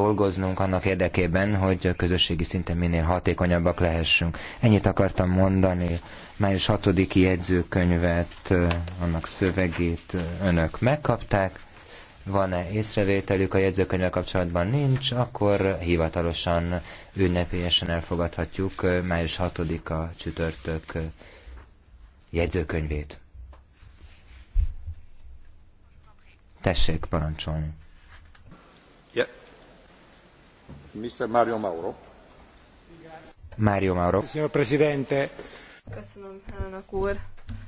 dolgoznunk annak érdekében, hogy a közösségi szinten minél hatékonyabbak lehessünk. Ennyit akartam mondani. Május 6 jegyzőkönyvet, annak szövegét önök megkapták. Van-e észrevételük a jegyzőkönyvvel kapcsolatban? Nincs, akkor hivatalosan, ünnepélyesen elfogadhatjuk május 6-a csütörtök jegyzőkönyvét. Tessék parancsolni. Yeah. Mr. Mario Mauro. Mario Mauro. Köszönöm, elnök úr.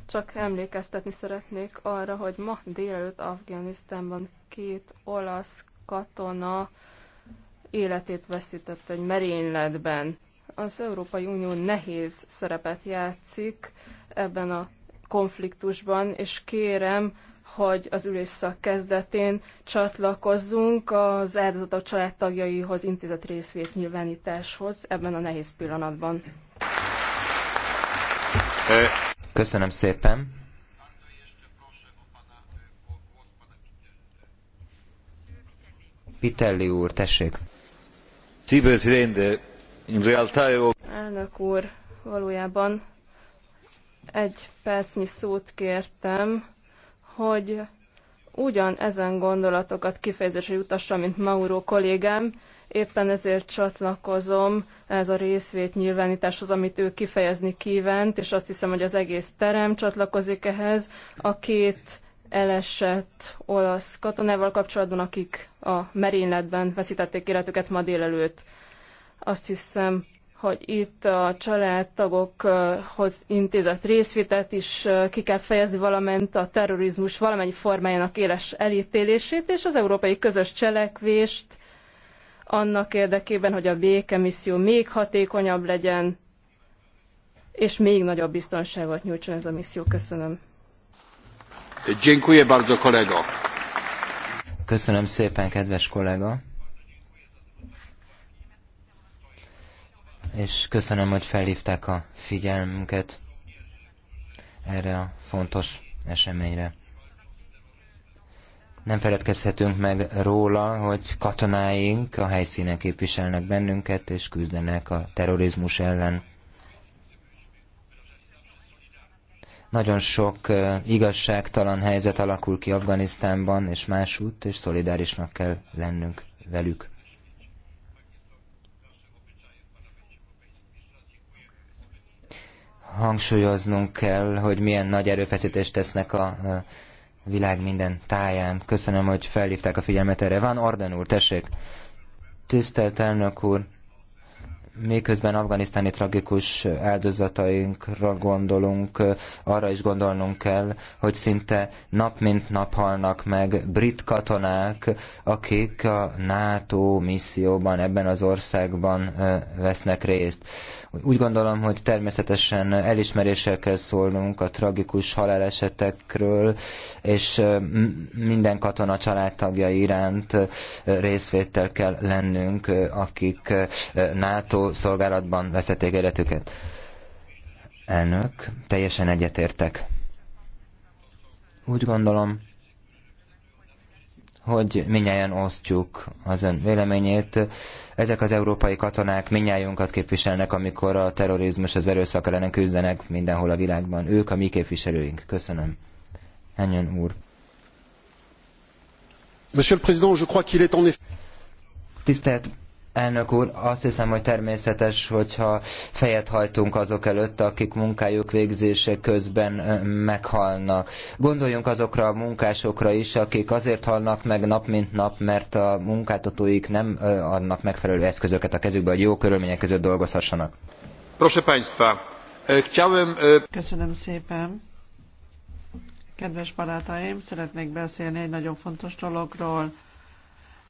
Csak emlékeztetni szeretnék arra, hogy ma délelőtt Afganisztánban két olasz katona életét veszített egy merényletben. Az Európai Unió nehéz szerepet játszik ebben a konfliktusban, és kérem, hogy az ülésszak kezdetén csatlakozzunk az áldozatok családtagjaihoz intézett részvét nyilvánításhoz ebben a nehéz pillanatban. Köszönöm szépen. Pitelli úr, tessék. Elnök úr, valójában egy percnyi szót kértem hogy ugyan ezen gondolatokat kifejezésre jutassa, mint Mauro kollégám, éppen ezért csatlakozom ez a részvét nyilvánításhoz, amit ő kifejezni kívánt, és azt hiszem, hogy az egész terem csatlakozik ehhez. A két elesett olasz katonával kapcsolatban, akik a merényletben veszítették életüket ma délelőtt. Azt hiszem, hogy itt a családtagokhoz intézett részvétet is ki kell fejezni, valamint a terrorizmus valamennyi formájának éles elítélését, és az európai közös cselekvést annak érdekében, hogy a békemisszió még hatékonyabb legyen, és még nagyobb biztonságot nyújtson ez a misszió. Köszönöm. Köszönöm szépen, kedves kollega. és köszönöm, hogy felhívták a figyelmünket erre a fontos eseményre. Nem feledkezhetünk meg róla, hogy katonáink a helyszínen képviselnek bennünket, és küzdenek a terrorizmus ellen. Nagyon sok igazságtalan helyzet alakul ki Afganisztánban és másút, és szolidárisnak kell lennünk velük. hangsúlyoznunk kell, hogy milyen nagy erőfeszítést tesznek a világ minden táján. Köszönöm, hogy felhívták a figyelmet erre. Van Arden úr, tessék! Tisztelt elnök úr! miközben afganisztáni tragikus áldozatainkra gondolunk, arra is gondolnunk kell, hogy szinte nap mint nap halnak meg brit katonák, akik a NATO misszióban ebben az országban vesznek részt. Úgy gondolom, hogy természetesen elismeréssel kell szólnunk a tragikus halálesetekről, és minden katona családtagja iránt részvétel kell lennünk, akik NATO szolgálatban veszették életüket. Elnök, teljesen egyetértek. Úgy gondolom, hogy minnyáján osztjuk az ön véleményét. Ezek az európai katonák minnyájunkat képviselnek, amikor a terrorizmus, az erőszak ellen küzdenek mindenhol a világban. Ők a mi képviselőink. Köszönöm. Henyon úr. Monsieur le Président, je crois qu'il est en effet... Tisztelt Elnök úr, azt hiszem, hogy természetes, hogyha fejet hajtunk azok előtt, akik munkájuk végzése közben meghalnak. Gondoljunk azokra a munkásokra is, akik azért halnak meg nap mint nap, mert a munkáltatóik nem adnak megfelelő eszközöket a kezükbe, hogy jó körülmények között dolgozhassanak. Proszę Państwa, e, e, Köszönöm szépen. Kedves barátaim, szeretnék beszélni egy nagyon fontos dologról